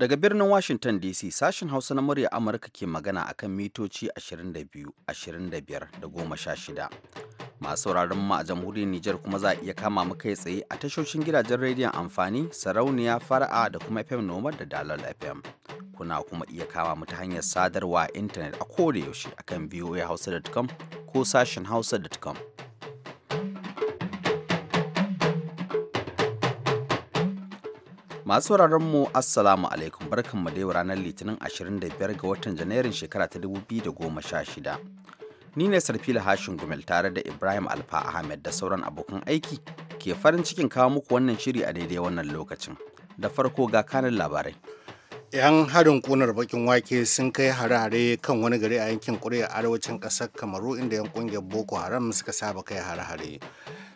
Daga birnin Washington DC sashen Hausa na murya Amurka ke magana a kan mitoci 22, 25 da 16. Masu sauraron mu a jamhuriyar Nijar kuma za a iya kama mu kai tsaye a tashoshin gidajen rediyon amfani, sarauniya, fara'a da kuma FM Nomad da Dalal FM. Kuna kuma iya kama mu ta hanyar sadarwa intanet a koda yaushe akan voahausa.com ko sashen hausa.com. Masu mu Assalamu alaikum barkanmu da yau ranar Litinin 25 ga watan Janairun shekara ta 2016. Ni ne Sarfila Hashin Gumel tare da Ibrahim Alfa Ahmed da sauran abokan aiki ke farin cikin kawo muku wannan shiri a daidai wannan lokacin. Da farko ga kanin labarai. 'Yan harin kunar bakin wake sun kai hare kan wani gari a yankin a arewacin ƙasar Kamaru inda 'yan ƙungiyar Boko Haram suka saba kai hare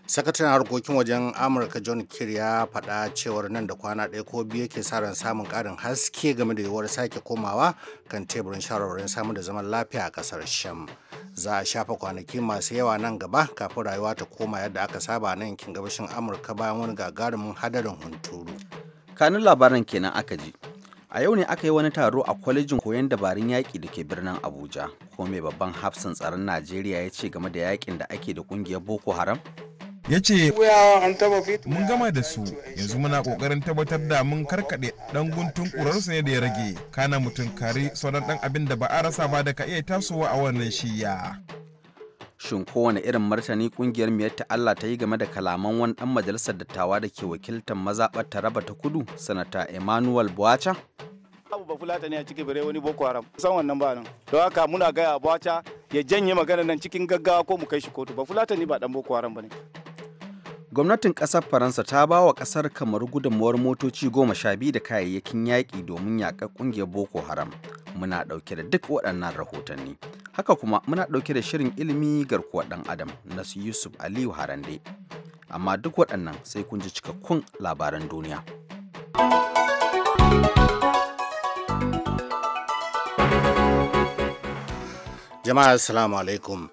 sakataren harkokin wajen amurka john kir ya faɗa cewar nan da kwana ɗaya ko biyu yake sa ran samun karin haske game da yiwuwar sake komawa kan teburin shawarwarin samun da zaman lafiya a ƙasar sham za a shafa kwanaki masu yawa nan gaba kafin rayuwa ta koma yadda aka saba nan yankin gabashin amurka bayan wani gagarumin hadarin hunturu kanun labaran kenan aka ji a yau ne aka yi wani taro a kwalejin koyon dabarun yaƙi da ke birnin abuja ko mai babban hafsan tsaron najeriya ya ce game da yaƙin da ake da ƙungiyar boko haram ya ce mun gama da su yanzu muna kokarin tabbatar da mun karkade dan guntun kurarsu ne da ya rage kana mutum kari sauran dan abin da ba a rasa ba da ka iya tasowa a wannan shiya shin kowane irin martani kungiyar miyar ta Allah ta yi game da kalaman wani dan majalisar dattawa da ke wakiltar mazaɓar taraba ta kudu sanata emmanuel buwacha abu ba fulata ne a cikin bire wani boko haram san wannan ba nan don haka muna gaya buwacha ya janye magana nan cikin gaggawa ko mu kai shi kotu ba fulata ne ba dan boko haram ba gwamnatin ƙasar faransa ta ba wa ƙasar kamar gudunmawar motoci goma sha biyu da kayayyakin yaƙi domin yaƙar ƙungiyar boko haram muna ɗauke da duk waɗannan rahotanni haka kuma muna ɗauke da shirin ilimi garkuwa ɗan adam na su yusuf aliyu harande amma duk waɗannan sai kun ji cikakkun labaran duniya jama'a assalamu alaikum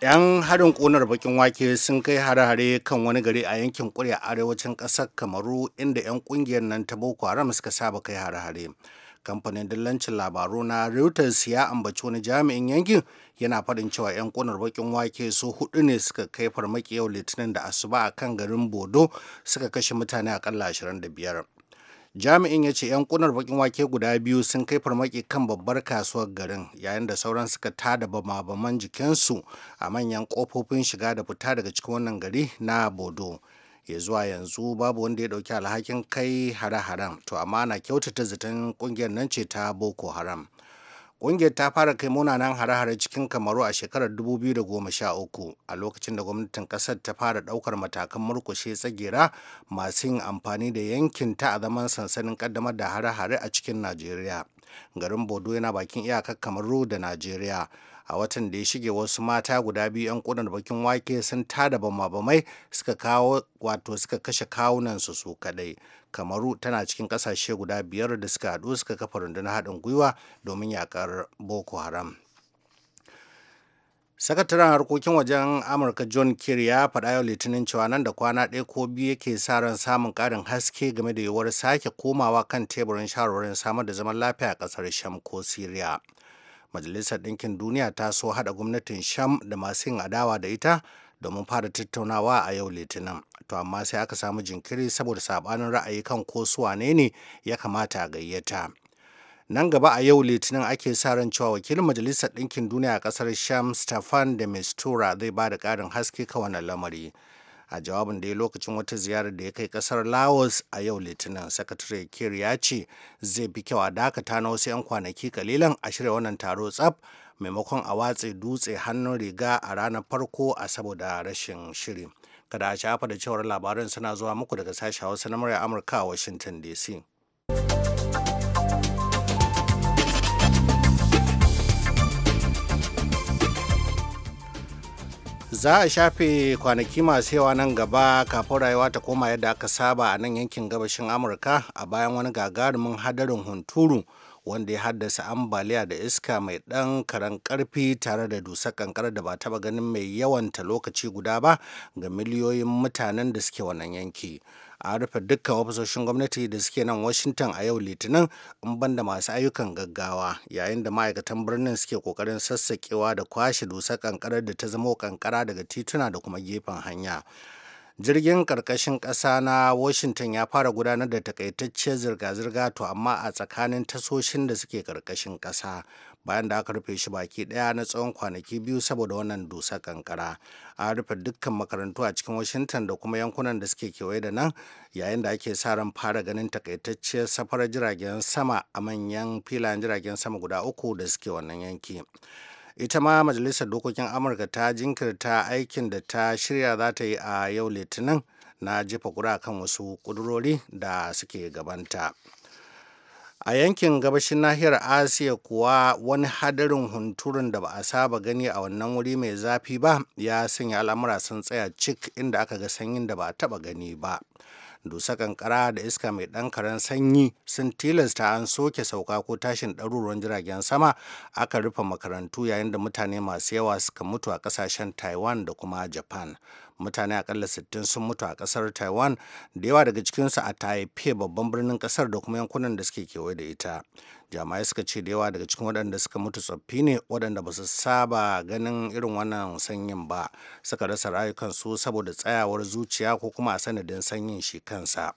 'yan harin ƙonar bakin wake sun kai hare-hare kan wani gari a yankin a arewacin ƙasar kamaru inda 'yan ƙungiyar nan ta boko haram suka saba kai hare-hare kamfanin dillancin labaru na reuters ya ambaci wani jami'in yankin yana faɗin cewa 'yan ƙunar bakin wake su hudu ne suka kai farmaki yau litinin da asuba a kan garin bodo suka kashe mutane akalla 25 jami'in ya ce 'yan kunar bakin wake guda biyu sun kai farmaki kan babbar kasuwar garin yayin da sauran suka tada bama-baman jikinsu a manyan kofofin shiga da fita daga cikin wannan gari na bodo ya zuwa yanzu babu wanda ya dauki alhakin kai hare-haren to amma na kyautata zaton kungiyar nan ce ta boko haram Ƙungiyar ta fara kai munanan hare-hare cikin Kamaru a shekarar 2013 a lokacin da gwamnatin ƙasar ta fara ɗaukar matakan murkushe tsagera masu yin amfani da yankin ta a zaman sansanin ƙaddamar da hare-hare a cikin Najeriya. Garin Bodo yana bakin iyakar Kamaru da Najeriya. a watan da ya shige wasu mata guda biyu 'yan kudin bakin wake sun tada bama-bamai suka kawo wato suka kashe kawunansu su kadai kamaru tana cikin kasashe guda biyar da suka haɗu suka kafa rundunar haɗin gwiwa domin yakar boko haram sakataren harkokin wajen amurka john kerry ya faɗa yau litinin cewa nan da kwana ɗaya ko biyu yake sa ran samun ƙarin haske game da yiwuwar sake komawa kan teburin shawarwarin samar da zaman lafiya a ƙasar sham ko syria majalisar ɗinkin duniya ta so haɗa gwamnatin sham da masu yin adawa da ita domin fara tattaunawa a yau litinin to amma sai aka samu jinkiri saboda sabanin ra'ayi kan ko su wane ne ya kamata a gayyata nan gaba a yau litinin ake sa ran cewa wakilin majalisar ɗinkin duniya a ƙasar sham stefan de mistura zai ba da ƙarin haske kan wannan lamari a jawabin da ya lokacin wata ziyarar da ya kai kasar laos a yau litinin sakatare kir ya ce zai fi kyau a dakata na wasu 'yan kwanaki kalilan a shirya wannan taro tsaf maimakon a watse dutse hannun riga a ranar farko a saboda rashin shiri kada a shafa da cewar labaran suna zuwa muku daga sashen hausa na murya amurka a washington dc za a shafe kwanaki masu yawa nan gaba kafin rayuwa ta koma yadda aka saba a nan yankin gabashin amurka a bayan wani gagarumin hadarin hunturu wanda ya haddasa ambaliya da iska mai ɗan karan ƙarfi tare da dusar kankara da ba taɓa ganin mai yawanta lokaci guda ba ga miliyoyin mutanen da suke wannan yanki a rufe dukkan ofisoshin gwamnati da suke nan washington a yau litinin in banda masu ayyukan gaggawa yayin da ma'aikatan birnin suke kokarin sassakewa da kwashe dusar kankarar da ta zama kankara daga tituna da kuma gefen hanya jirgin karkashin ƙasa na washington ya fara gudanar da takaitacciyar zirga-zirga to amma a tsakanin tasoshin da suke karkashin ƙasa bayan da aka rufe shi baki daya na tsawon kwanaki biyu saboda wannan dusa kankara an rufe dukkan makarantu a cikin washington da kuma yankunan da suke kewaye da nan yayin da ake sa ran fara ganin takaitacciyar safarar jiragen sama a manyan filayen jiragen sama guda uku da suke wannan yanki ita ma majalisar dokokin amurka ta jinkirta aikin da ta shirya za ta yi a yau litinin na jefa kura kan wasu ƙudurori da suke gabanta. a yankin gabashin nahiyar asiya kuwa wani hadarin hunturun da ba a saba gani a wannan wuri mai zafi ba ya sanya al'amura sun tsaya cik inda aka ga sanyin da ba a taba gani ba dusa kankara da iska mai ɗan karen sanyi sun tilasta an soke sauka ko tashin ɗaruruwan jiragen sama aka rufe makarantu yayin da mutane masu yawa suka mutu a ƙasashen taiwan da kuma japan mutane akalla 60 sun mutu a kasar taiwan da yawa daga cikinsu a taipei babban birnin kasar da kuma yankunan da suke kewaye da ita jama'ai suka ce da yawa daga cikin waɗanda suka mutu tsoffi ne waɗanda ba su saba ganin irin wannan sanyin ba suka rasa rayukansu saboda tsayawar zuciya ko kuma a sanadin sanyin shi kansa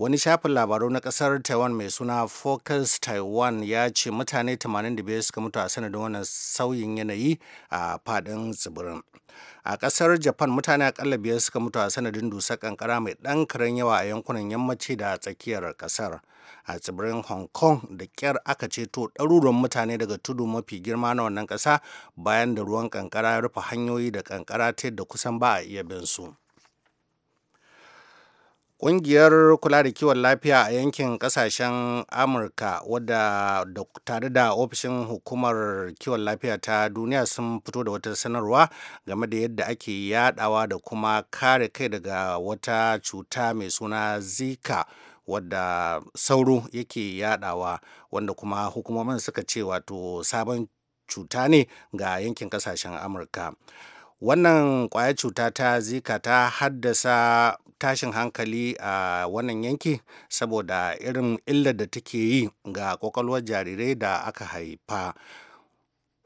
wani shafin labaru na kasar taiwan mai suna focus taiwan ya ce mutane 85 suka mutu a sanadin wannan sauyin yanayi a fadin tsibirin a kasar japan mutane akalla biyar suka mutu a sanadin dusar kankara mai dan karen yawa a yankunan yammaci da tsakiyar kasar a tsibirin hong kong da kyar aka ceto ɗaruruwan mutane daga tudu mafi girma na wannan ƙasa bayan da ruwan kankara ya rufe hanyoyi da kankara ta yadda kusan ba a iya bin su. Ƙungiyar kula da kiwon lafiya a yankin ƙasashen Amurka wadda tare da ofishin hukumar kiwon lafiya ta duniya sun fito da wata sanarwa game da yadda ake yadawa da kuma kare kai daga wata cuta mai suna Zika wadda sauro yake yadawa wanda kuma hukumomin suka ce wato sabon cuta ne ga yankin ƙasashen Amurka. wannan kwaya cuta ta zika ta haddasa tashin hankali a wannan yanki saboda irin illar da take yi ga kwakwalwar jarirai da aka haifa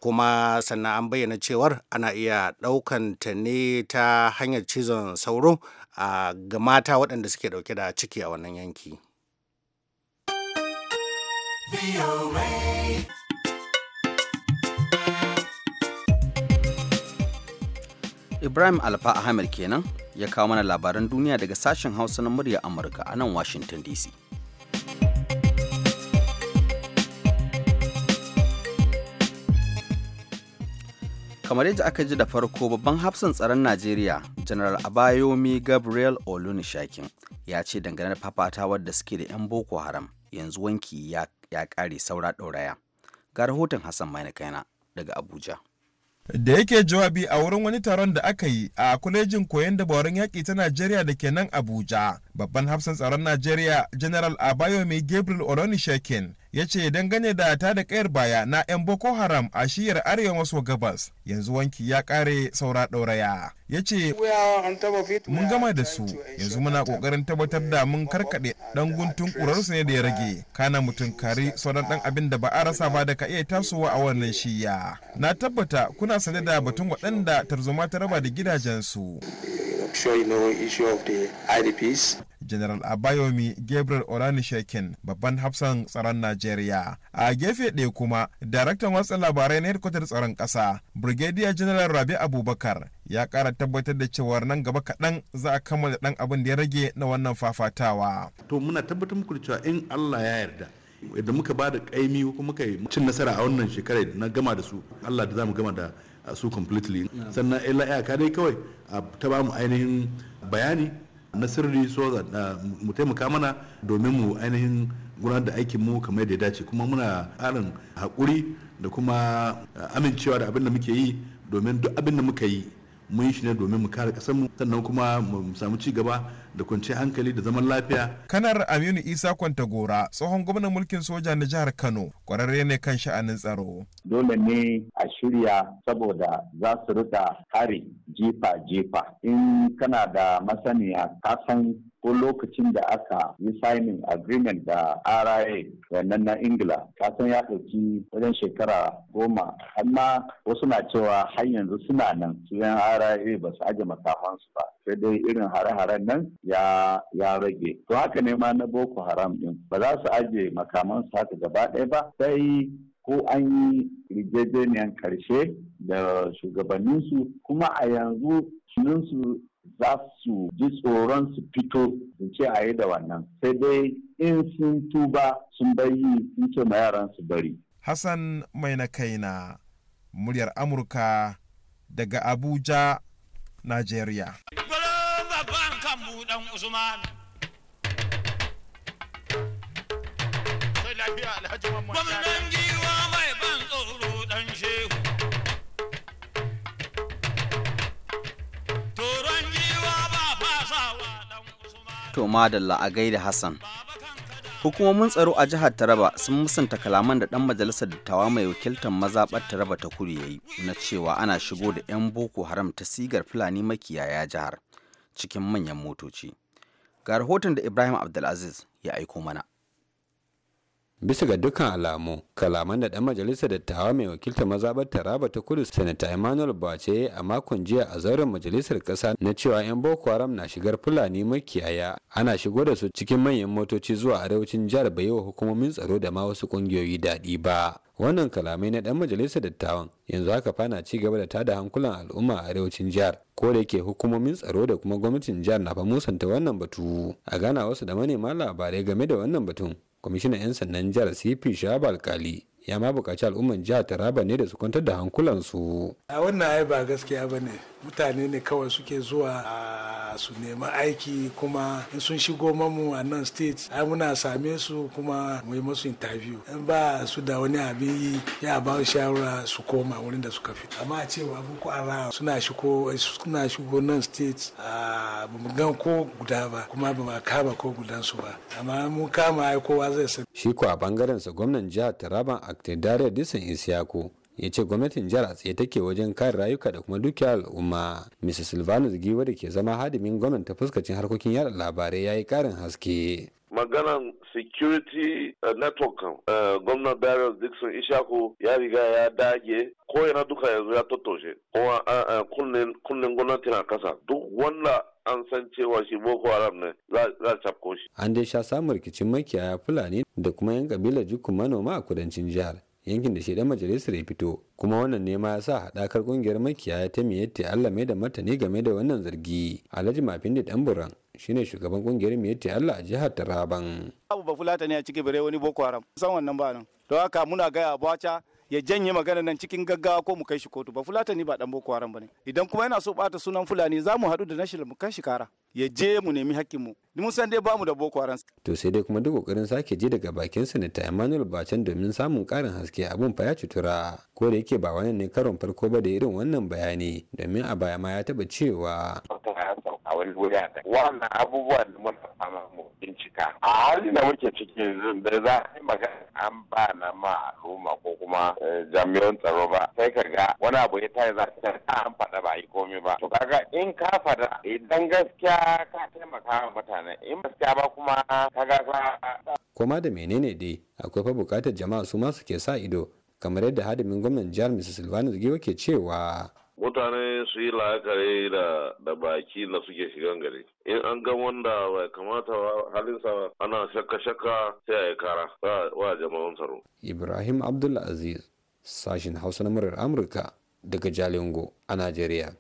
kuma sannan an bayyana cewar ana iya ɗaukan ta ne ta hanyar cizon sauro a ga mata waɗanda suke ɗauke da ciki a wannan yanki. Ibrahim Alfa Ahmed kenan ya kawo mana labaran duniya daga sashen Hausa na murya Amurka a nan Washington DC. Kamar yadda aka ji da farko babban hafsan tsaron Najeriya, General Abayomi Gabriel Olunishakin ya ce dangane da fafatawar da suke da 'yan Boko Haram yanzu wanki ya ƙare saura ɗauraya. Ga rahoton Hassan Maina Kaina daga Abuja. da yake jawabi a wurin wani taron da aka yi a kwalejin koyon dabarun yaƙi ta najeriya da ke nan abuja babban hafsan tsaron najeriya general abayomi gabriel shekin ya ce dangane da ta da kayar baya na 'yan boko haram a shiyar arewa maso gabas yanzu wanki ya kare saura ɗauraya ya ce mun gama da su yanzu muna kokarin tabbatar da mun karkaɗe ɗan guntun ƙurarsu ne da ya rage kana mutum kari sauran ɗan abin da ba a rasa ba da ka iya tasowa a wannan shiya na tabbata kuna sane da batun waɗanda tarzoma ta raba da gidajensu General Abayomi Gabriel shekin babban hafsan tsaron nigeria A gefe ɗaya kuma, daraktan watsa labarai na hedkwatar tsaron ƙasa, Brigadier General Rabi Abubakar ya kara tabbatar da cewar nan gaba kaɗan za a kammala ɗan abin da ya rage na wannan fafatawa. To muna tabbatar muku da cewa in Allah ya yarda da muka ba da ƙaimi ko muka yi cin nasara a wannan shekarar na gama da su Allah da za mu gama da su completely sannan ila iyaka dai kawai ta ba mu ainihin bayani na sirri so da mu taimaka mana domin mu ainihin gudanar da aikin mu kamar da ya dace kuma muna ƙarin hakuri da kuma eh, amincewa da abin da muke yi domin duk abin da muka yi mun yi shi ne domin mu kare mu sannan kuma mu samu ci gaba da kwanciyar hankali da zaman lafiya. Kanar Aminu Isa Kwantagora tsohon gwamnan mulkin soja na jihar Kano kwararre ne kan sha'anin tsaro. Dole ne a shirya saboda za su rika kare jifa-jifa in kana da masaniya kasan ko lokacin da aka yi signing agreement da RIA wannan na Ingila san ya ɗauki wajen shekara goma amma wasu na cewa har yanzu suna nan su yan RIA ba su aje makamansu ba sai dai irin hare-haren nan ya ya rage to haka ne ma na Boko Haram din ba za su aje makamansu haka gaba ɗaya ba sai ko an yi rijejeniyan karshe da shugabanninsu kuma a yanzu sunansu za su ji tsoron su fito su ce a yi da wannan sai dai in sun tuba sun bayi sun ce ma yaran su bari. Hassan mai na kaina muryar Amurka daga Abuja, Najeriya. Gwamnan To madalla a gaida Hassan. Hukumomin tsaro a jihar Taraba sun musanta kalaman da ɗan majalisar dattawa mai wakiltar mazaɓar Taraba ta kudu ya yi na cewa ana shigo da 'yan Boko Haram ta sigar Fulani makiyaya jihar cikin manyan motoci. Ga rahoton da Ibrahim Abdulaziz ya aiko mana. bisa ga dukkan alamu kalaman da ɗan majalisar dattawa mai wakiltar mazabar taraba ta kudu sanata emmanuel bace a makon jiya a zauren majalisar ƙasa na cewa yan boko haram na shigar fulani makiyaya ana shigo da su cikin manyan motoci zuwa arewacin jihar bai wa hukumomin tsaro da ma wasu ƙungiyoyi daɗi ba wannan kalamai na ɗan majalisar dattawan yanzu haka fana ci gaba da tada hankulan al'umma a arewacin jihar ko da yake hukumomin tsaro da kuma gwamnatin jihar na fa musanta wannan batu a gana wasu da manema labarai game da wannan batun kwamishinan 'yan sannan jihar cp shabal kali ya ma buƙaci al'umman jihar taraba ne da su kwantar da hankulansu a wannan ai ba gaskiya ba ne mutane ne kawai suke zuwa a su nema aiki kuma in sun shigo mamu a nan state ai muna same su kuma mu yi musu interview in ba su da wani abin yi ya ba shawara su koma wurin da suka fito amma cewa boko haram suna shigo suna shigo nan state a mu gan ko guda ba kuma ba kama ko gudansu ba amma mun kama ai kowa zai san shi ko a bangaren sa gwamnan jihar taraba a aktidare disan Isiyako ya ce gwamnatin jihar a tsaye take wajen kare rayuka da kuma dukiyar al'umma mrs silvanus giwa da ke zama hadimin gwamnan ta fuskacin harkokin yada labarai ya yi karin haske maganan security uh, network kan uh, gwamnan Darius Dixon Ishaku ya riga ya dage ko yana duka yanzu ya tattaushe ko eh, kunnen gwamnati na kasa duk wanda an san cewa shi boko haram ne za a cafko shi. An dai sha samun rikicin makiyaya Fulani da kuma yan kabilar jikin manoma a kudancin jihar. yankin da shi dan majalisar ya fito kuma wannan ne ma ya sa haɗakar ƙungiyar makiyaya ta yadda Allah mai da martani game da wannan zargi Alhaji Mafindi shi shine shugaban ƙungiyar yadda Allah a jihar Taraban. Abu ba fulata ne a cikin bire wani Boko Haram san wannan ba nan. to haka muna gaya Abacha ya janye magana nan cikin gaggawa ko mu kai shi kotu ba fulatani ba dan boko haram bane idan kuma yana so bata sunan fulani za mu haɗu da national mu kai shi kara ya je mu nemi mu mun san dai bamu da boko haram to sai dai kuma duk kokarin sake je daga bakin sanata Emmanuel Bacan domin samun karin haske abun fa ya cutura ko da yake ba wannan ne karon farko ba da irin wannan bayani domin a baya ma ya taba cewa wani wuri da wannan abubuwan da muna fama mu bincika a halin da muke ciki da za a yi magana an ba na ma al'umma ko kuma eh, jami'an tsaro ba sai ka ga wani abu ya tare za ta an faɗa ba yi komai ba to kaga in ka faɗa idan gaskiya ka taimaka wa mutane in gaskiya ba kuma ga ka koma da menene dai akwai fa bukatar jama'a su ma suke sa ido kamar yadda hadimin gwamnan jihar mrs silvanus giwa ke cewa mutane su yi la'akari da baki da suke shiga gari in an ga wanda bai kamata halin halinsa ana shakka shakka sai a kara wa jama'an tsaro ibrahim abdul aziz sashin hausa na murar amurka daga jalingo a najeriya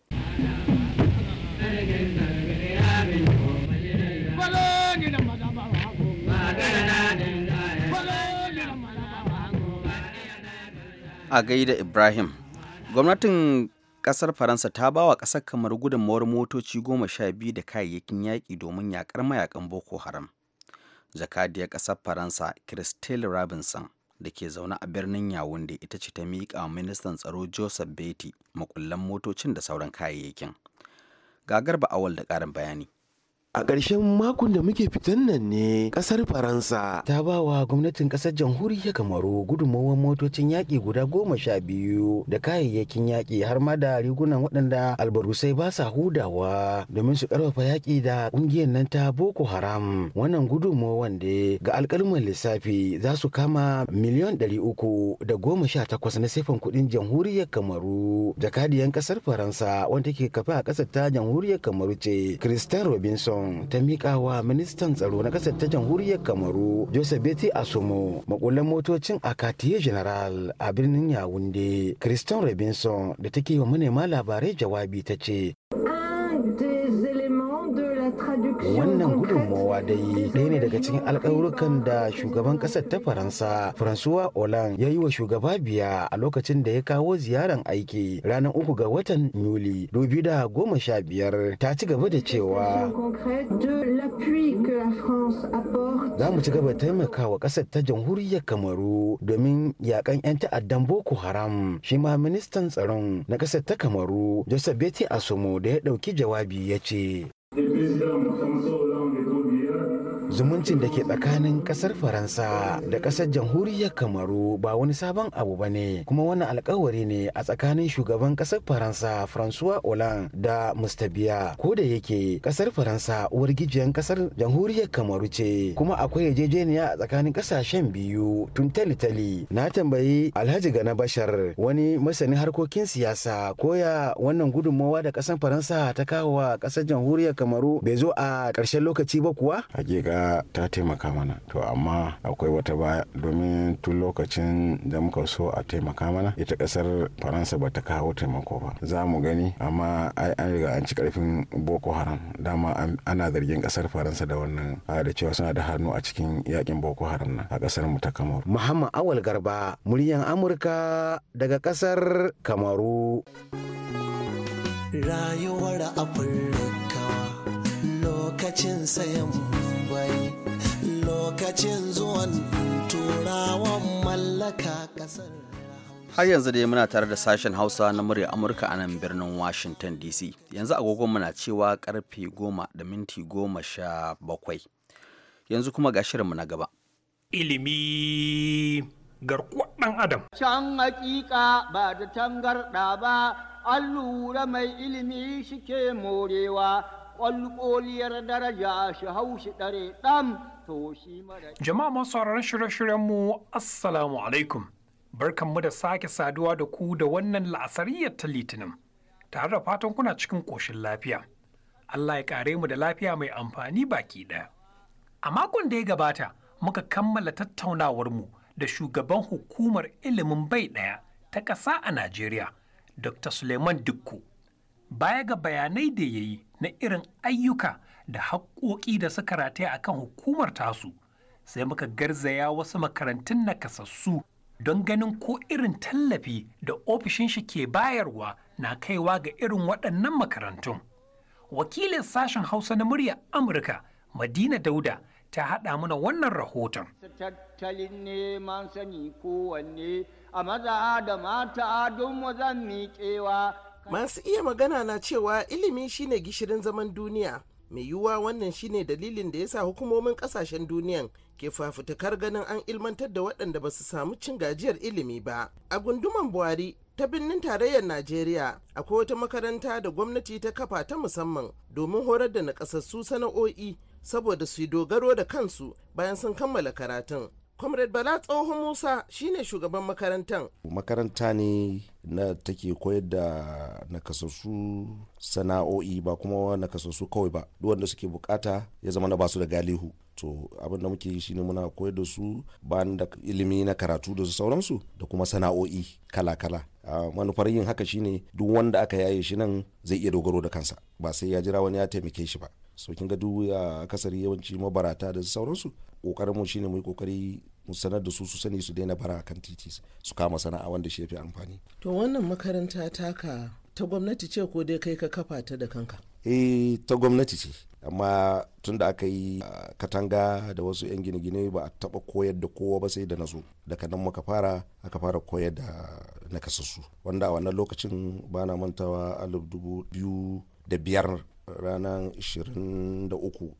a gaida ibrahim gwamnatin kasar faransa ta ba wa kasar kamar gudunmawar motoci goma sha biyu da kayayyakin yaƙi domin yaƙar mayakan boko haram jakadiyar kasar faransa christelle robinson da ke zaune a birnin yawunde ita ce ta miƙa wa ministan tsaro joseph beti makullan motocin da sauran kayayyakin gagar Garba awal da ƙarin bayani A ƙarshen makon da muke fitan nan ne ƙasar Faransa ta ba wa gwamnatin ƙasar jamhuriyar Kamaru gudunmawar motocin yaƙi guda goma sha biyu da kayayyakin yaƙi har ma da rigunan waɗanda albarusai ba sa hudawa domin su ƙarfafa yaƙi da ƙungiyar nan ta Boko Haram. Wannan gudunmawar da ga alƙalmar lissafi za su kama miliyan ɗari uku da goma sha takwas na sifan kuɗin jamhuriyar Kamaru. Jakadiyan ƙasar Faransa wanda ke kafa a ƙasar ta jamhuriyar Kamaru ce Christian Robinson cameroon ta miƙa wa ministan tsaro na ƙasar ta jamhuriyar kamaru joseph beti asomo makullan motocin a akatiye general a birnin yawunde christian robinson da take wa manema labarai jawabi ta ce wannan gudunmowa dai ɗaya ne daga cikin alƙawurukan da shugaban ƙasar ta faransa Faransuwa hollande ya yi wa shugaba biya a lokacin da ya kawo ziyaran aiki ranar uku ga watan yuli dubi da goma sha biyar ta ci gaba da cewa za mu ci gaba taimakawa ƙasar ta jamhuriyar kamaru domin yaƙan 'yan ta'addan boko haram shi ma ministan tsaron na ƙasar ta kamaru joseph beti asomo da ya ɗauki jawabi ya ce It's been done for so long. zumuncin da ke tsakanin kasar faransa da kasar jamhuriyar kamaru ba wani sabon abu ba ne kuma wannan alkawari ne a tsakanin shugaban kasar faransa francois hollande da mustabiya ko da yake kasar faransa uwar gijiyan kasar jamhuriyar kamaru ce kuma akwai yarjejeniya a tsakanin kasashen biyu tun talitali na tambayi alhaji gana bashar wani masanin harkokin siyasa koya wannan gudunmawa da kasar faransa ta kawo wa kasar jamhuriyar kamaru bai zo a ƙarshen lokaci ba kuwa hakika ta taimaka mana to amma akwai wata baya domin tun lokacin da muka so a taimaka mana ita kasar faransa ba ta kawo taimako ba za mu gani amma ai an riga an ci karfin boko haram dama ana zargin kasar faransa da wannan a da cewa suna da hannu a cikin yakin boko haram na a kasar mu ta kamaru muhammad awal garba muryan amurka daga kasar kamaru rayuwar afirka lokacin sayan lokacin zuwan turawan mallaka kasar har yanzu dai muna tare da sashen hausa na murya amurka a nan birnin washington dc yanzu agogon muna cewa karfe goma da minti goma sha bakwai yanzu kuma ga shirinmu na gaba ilimi garkuwar ɗan adam can hakika ba da tangarɗa ba an lura mai ilimi shike morewa ƙwalƙoliyar daraja shi hau shi ɗare ɗan Jama'a masu sauraron shirye-shiryenmu Assalamu alaikum. Barkanmu da sake saduwa da ku da wannan la'asariyar ta Litinin. Tare da fatan kuna cikin ƙoshin lafiya. Allah ya kare mu da lafiya mai amfani baki ɗaya. A makon da ya gabata, muka kammala tattaunawarmu da shugaban hukumar ilimin bai ɗaya ta ƙasa a Najeriya, Dr. Suleiman Dukku. Baya ga bayanai da ya yi na irin ayyuka da haƙoƙi da suka rataya a kan hukumar tasu sai muka garzaya wasu makarantun nakasassu don ganin ko irin tallafi da ofishin shi ke bayarwa na kaiwa ga irin waɗannan makarantun wakilin sashen hausa na murya amurka madina dauda ta haɗa mana wannan rahoton tattalin neman sani kowanne a maza da mata don wazan miƙewa masu iya magana na cewa ilimi shine gishirin zaman duniya mai yiwuwa wannan shine dalilin da ya sa hukumomin kasashen duniyan ke fafutukar ganin an ilmantar da waɗanda ba su samu cin gajiyar ilimi ba a gunduman buhari ta birnin tarayyar najeriya akwai wata makaranta da gwamnati ta kafa ta musamman domin horar da nakasassu sana'o'i saboda su yi dogaro da kansu bayan sun kammala karatun comrade bala tsohon musa shine shugaban makarantan. makaranta ne na take koyar da nakasassu sana'o'i ba kuma nakasassu kawai ba duk wanda suke bukata ya zama na basu da galihu to abin da muke yi shine muna koyar da su bayan da ilimi na karatu da su sauransu da kuma sana'o'i kala-kala manufar yin haka shine duk wanda aka yaye shi nan zai iya dogaro da kansa ba sai ya jira wani ya taimake shi ba so kin ga duk yawanci mabarata da sauransu kokarin mu shine mu yi kokari mu sanar da su su sani su daina bara kan titi su kama sana'a wanda shi yafi amfani to wannan makaranta taka ta gwamnati ce ko dai kai ka kafa ta da kanka eh ta gwamnati ce amma tun da aka yi ah, katanga da wasu 'yan gine-gine ba a taba koyar da kowa ba sai da na zo daga nan muka fara aka fara koyar da na kasassu. wanda a wannan lokacin ba na mantawa alif dubu biyu da biyar ranar 23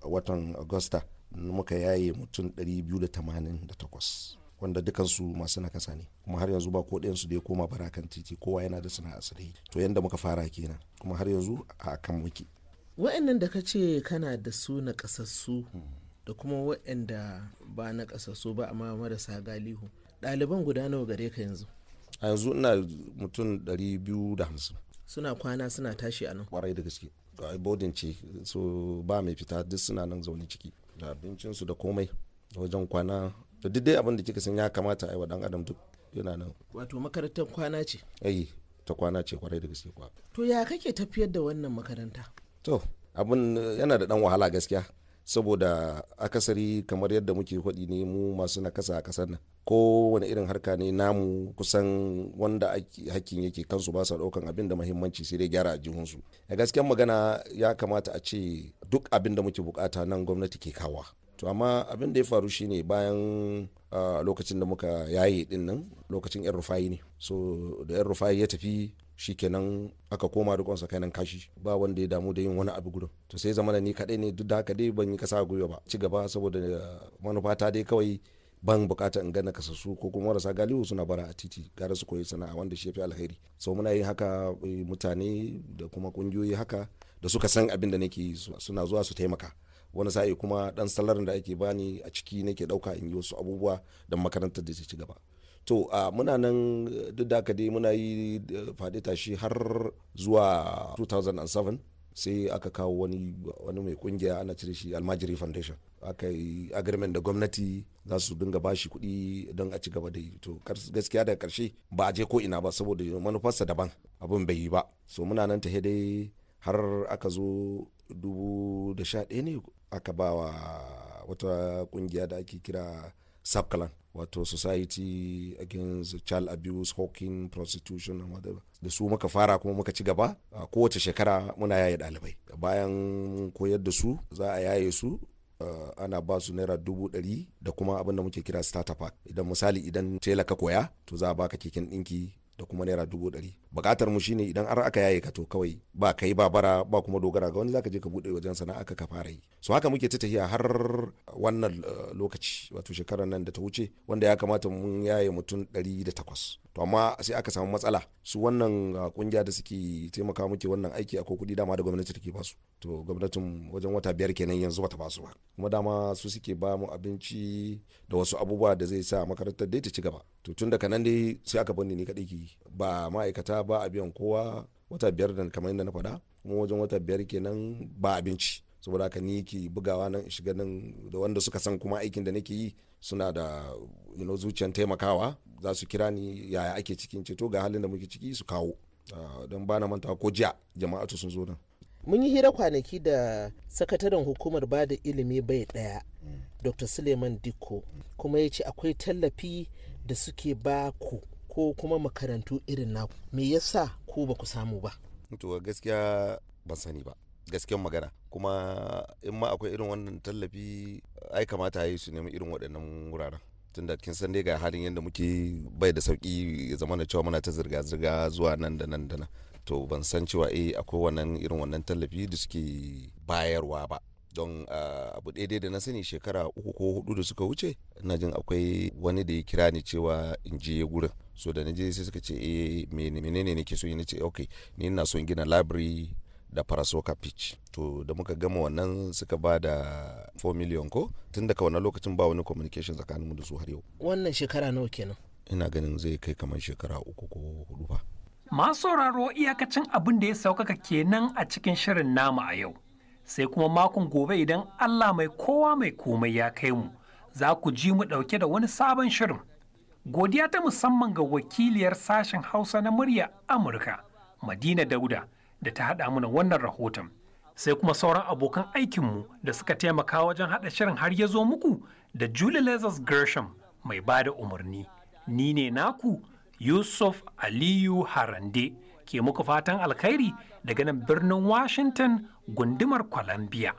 a watan agusta muka yaye mutum 288 wanda dukansu masu nakasa ne kuma har yanzu ba ko ɗayansu da ya koma barakan titi kowa yana da sana'a sai to yanda muka fara kenan kuma har yanzu a kan muke wa'annan da ka ce kana da su na kasassu da kuma wa'anda ba na kasassu ba amma marasa galihu ɗaliban guda nawa gare ka yanzu a yanzu ina mutum 250 suna kwana suna tashi a nan kwarai da gaske boarding ce so ba mai fita duk suna nan zaune ciki da abincinsu da komai wajen kwana da duk dai abin da kika san ya kamata a yi wa dan adam duk yana nan wato makarantar kwana ce ai eh, ta kwana ce kwarai da gaske kwa to ya kake tafiyar da wannan makaranta to abin yana da dan wahala gaskiya saboda akasari kamar yadda muke hudi ne mu masu nakasa a kasar nan ko wani irin harka ne namu kusan wanda hakkin yake kansu ba sa daukan abin da muhimmanci sai dai gyara a jihunsu a gaskiyar magana ya kamata a ce duk abin da muke bukata nan gwamnati ke kawa to amma abin da ya faru shine bayan ah, lokacin da muka yaye din nan lokacin yan rufayi ne so da yan rufayi ya tafi shikenan aka koma rikon tsakanin kashi ba wanda ya damu da yin wani abu gudun to sai zama ni kadai ne duk da haka dai ban yi kasa gwiwa ba ci gaba saboda eh, manufa ta dai kawai ban bukata in gana kasassu ko kuma marasa galihu suna bara a titi gara su koyi sana'a wanda shi fi alheri so muna yin haka eh, mutane da kuma kungiyoyi haka da suka san abin da nake suna zuwa su taimaka wani sa'i kuma dan salarin da ake bani a ciki nake dauka in yi wasu abubuwa don makarantar da ta ci gaba to uh, muna nan eh, duk da dai muna yi eh, fadi tashi har zuwa 2007 sai aka kawo wani wani mai kungiya ana cire shi almajiri foundation aka yi agreement da gwamnati za su dinga bashi kuɗi don a ci gaba da yi to gaskiya daga karshe ba a je ko ina ba saboda manufarsa daban abin bai yi ba so muna nan ta dai har aka zo dubu da sha ɗaya ne aka ba wa wata kungiya da ake kira subclan wato society against child abuse hawking prostitution and whatever da su muka fara kuma muka ci gaba a kowace shekara muna yaye ɗalibai bayan koyar da su za a yaye su Uh, ana ba su naira dubu ɗari da kuma abin da muke kira starter idan misali idan tela ka koya to za a baka keken ɗinki da kuma naira dubu ɗari Bukatar mu shine idan har aka yaye ka to kawai ba kai ba bara ba kuma dogara ga wani zaka je ka buɗe wajen sana'a ka ka fara yi so haka muke ta tafiya har wannan eh, lokaci wato shekarar nan da ta wuce wanda ya kamata mun yaye mutum ɗari da takwas to amma sai aka samu matsala su wannan kungiya eh, da suke taimaka muke wannan aiki akwai kuɗi dama da gwamnati take su. to gwamnatin wajen wata biyar kenan yanzu bata ba su ba kuma dama su suke ba mu abinci da wasu abubuwa da zai sa makarantar dai ta ci gaba to tun daga nan dai sai aka bani ni kaɗai ba ma'aikata ba a biyan kowa wata biyar da kamar yadda na faɗa kuma wajen wata biyar kenan ba abinci saboda haka ni ke bugawa nan shiga nan da wanda suka san kuma aikin da nake yi suna da you know, zuciyan taimakawa za su kira ni yaya ake cikin ceto ga halin da muke ciki su kawo ah, don ba na mantawa ko jiya jama'atu sun zo nan mun yi hira kwanaki da sakataren hukumar ba da ilimi bai daya dr suleiman dikko kuma ya ce akwai tallafi da suke ba ku ko kuma makarantu irin naku me yasa ku ba ku samu ba to gaskiya ban sani ba gaskiyan magana kuma in ma akwai irin wannan tallafi ai kamata ya yi su nemi irin waɗannan wuraren tun da kin san dai ga halin yadda muke bai da sauki ya zama da cewa muna ta zirga-zirga zuwa nan da nan da nan to ban san cewa eh akwai wannan irin wannan tallafi da suke bayarwa ba don abu daidai da na sani shekara uku ko hudu da suka wuce ina jin akwai wani da ya kira ni cewa in je gurin so da na je sai suka ce eh menene nake so ina ce ok ni ina so gina library da parasoka pitch to da muka gama wannan suka ba da 4 million ko tun daga wannan lokacin ba wani communication tsakanin mu da su har yau wannan shekara nawa kenan ina ganin zai kai kamar shekara uku ko hudu ba masu sauraro iyakacin abin da ya saukaka kenan a cikin shirin nama a yau sai kuma makon gobe idan Allah mai kowa mai komai ya kai mu za ku ji mu ɗauke da wani sabon shirin. Godiya ta musamman ga wakiliyar sashen Hausa na murya Amurka, Madina Dauda, da ta haɗa mana wannan rahoton. Sai kuma sauran abokan aikinmu da suka taimaka wajen haɗa shirin har ya zo muku da Julie Lazarus Gershom mai ba da umarni. Ni ne naku Yusuf Aliyu Harande ke muku fatan alkhairi daga nan birnin Washington gundumar Columbia.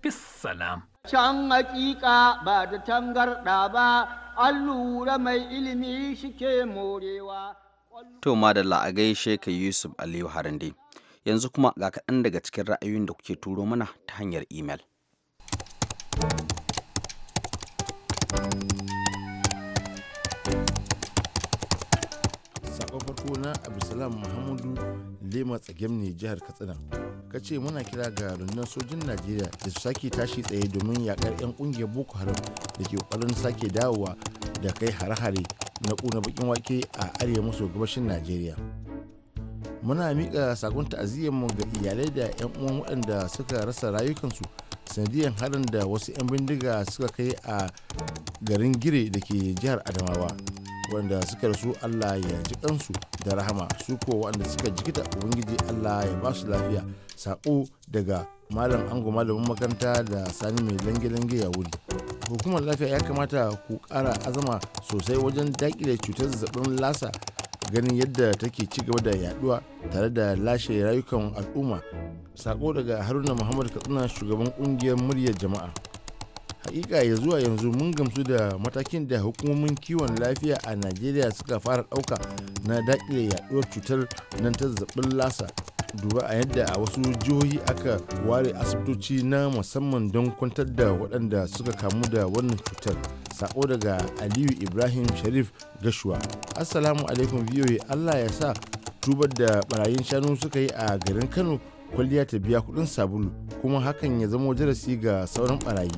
Bissalam. Can hakika ba da tangarɗa ba, an lura mai ilimi shi ke morewa. To madalla a gaishe ka Yusuf Aliyu Harande. Yanzu kuma ga kaɗan daga cikin ra'ayoyin da kuke turo mana ta hanyar imel. Sakon farko na Abisalam Muhammadu Lema Tsagem ne jihar Katsina. ka ce muna kira ga rundunar sojin najeriya da su sake tashi tsaye domin yaƙar 'yan kungiyar boko haram da ke kokarin sake dawowa da kai hare-hare na kuna bakin wake a arewa maso gabashin najeriya muna miƙa sakon mu ga iyalai da 'yan uwan waɗanda suka rasa rayukansu sanadiyar harin da wasu 'yan bindiga suka kai a garin gire da ke jihar adamawa wanda suka rasu Allah ya ji kansu da rahama su ko wanda suka jikita ubangiji Allah ya ba su lafiya sako daga malam ango malamin makaranta da sani mai lange-lange ya wuri hukumar lafiya ya kamata ku kara azama sosai wajen dakile cutar zazzabin lasa ganin yadda take ci gaba da yaduwa tare da lashe rayukan al'umma sako daga haruna muhammad katsina shugaban ƙungiyar muryar jama'a hakika ya zuwa yanzu mun gamsu da matakin da hukumomin kiwon lafiya a najeriya suka fara dauka na dakile yaɗuwar cutar nan ta zazzabin lasa duba a yadda a wasu jihohi aka ware asibitoci na musamman don kwantar da waɗanda suka kamu da wannan cutar sako daga aliyu ibrahim sharif gashuwa assalamu alaikum biyoyi allah ya sa tubar da barayin shanu suka yi a garin kano kwalliya ta biya kuɗin sabulu kuma hakan ya zama darasi ga sauran barayi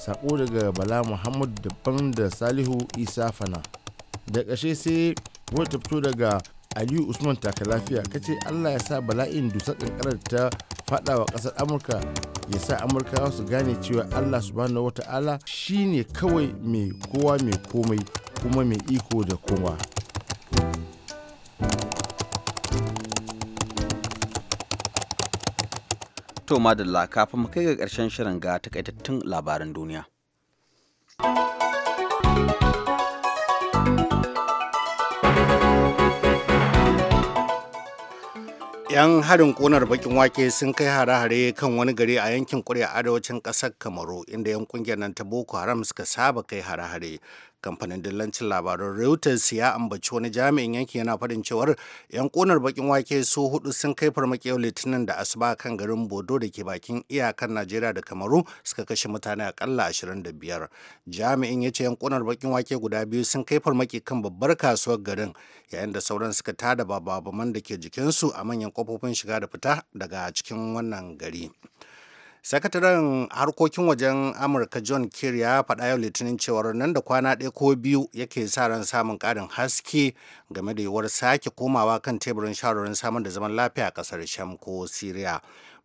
sako daga bala muhammad daban da salihu isa fana da ƙashe sai wata fito daga aliyu usman taka lafiya kace allah ya sa bala'in dusar ƙanƙarar ta fada wa ƙasar amurka ya sa amurkawa su gane cewa allah subhanahu wata'ala shine kawai mai kowa mai komai kuma mai iko da kowa To madalla kafin mu kai ga ƙarshen shirin ga takaitattun labaran duniya. yan harin ƙonar bakin wake sun kai hare-hare kan wani gari a yankin a arewacin ƙasar kamaru inda yan kungiyar nan ta boko haram suka saba kai hare-hare kamfanin dillancin labarun reuters ya ambaci wani jami'in yanki yana faɗin cewar yan ƙunar bakin wake su hudu sun kai farmaki litinin da asuba kan garin bodo da ke bakin iyakar najeriya da kamaru suka kashe mutane akalla 25 jami'in ya ce yan ƙunar bakin wake guda biyu sun kai farmaki kan babbar kasuwar garin yayin da sauran suka tada bababaman da ke jikinsu a manyan kofofin shiga da fita daga cikin wannan gari. sakataren harkokin wajen amurka john kerry ya faɗa yau litinin cewar nan da kwana ɗaya ko biyu yake sa ran samun ƙarin haske game da yiwuwar sake komawa kan teburin shawarwarin samar da zaman lafiya a ƙasar sham ko syria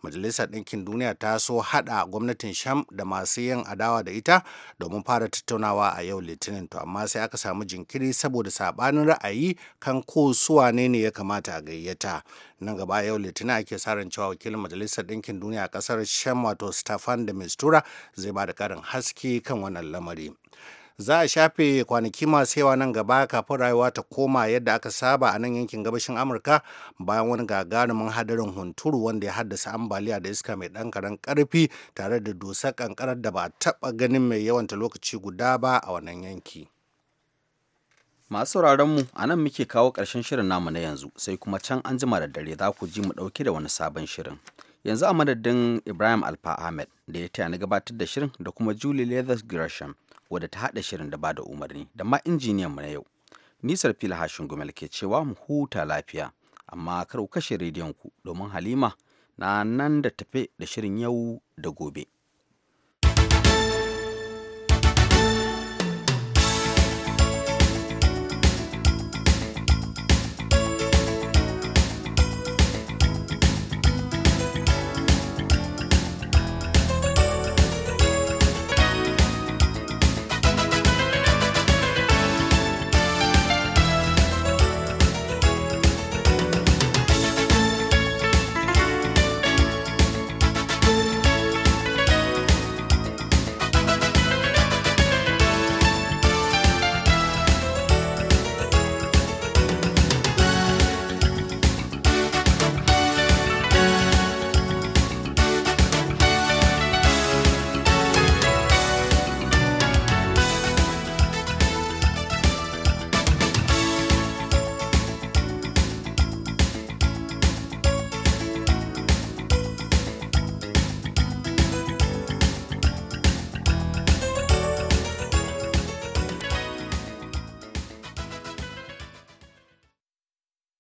majalisar ɗinkin duniya ta so haɗa gwamnatin sham da masu yin adawa da ita domin fara tattaunawa a yau litinin to amma sai aka samu jinkiri saboda saɓanin ra'ayi kan ko suwa ne ne ya kamata a gayyata nan gaba yau litinin ake sa ran cewa wakilin majalisar ɗinkin duniya a ƙasar sham wato stefan de mistura zai ba da ƙarin haske kan wannan lamari za a shafe kwanaki masu yawa nan gaba kafin rayuwa ta koma yadda aka saba a nan yankin gabashin amurka bayan wani gagarumin hadarin hunturu wanda ya haddasa ambaliya da iska mai ɗan karen karfi tare da dusar ƙanƙarar da ba a taɓa ganin mai yawanta lokaci guda ba a wannan yanki masu mu a nan muke kawo ƙarshen shirin namu na yanzu sai kuma can an jima da dare za ku ji mu ɗauke da wani sabon shirin yanzu a madadin ibrahim alfa ahmed da ya taya na gabatar da shirin da kuma julie leathers gresham wadda ta haɗa shirin da bada umarni da ma injiniyan mu na yau. Nisar fila hashin gumel ke cewa mu huta lafiya amma kar ku kashe rediyon ku domin Halima na nan da tafe da shirin yau da gobe.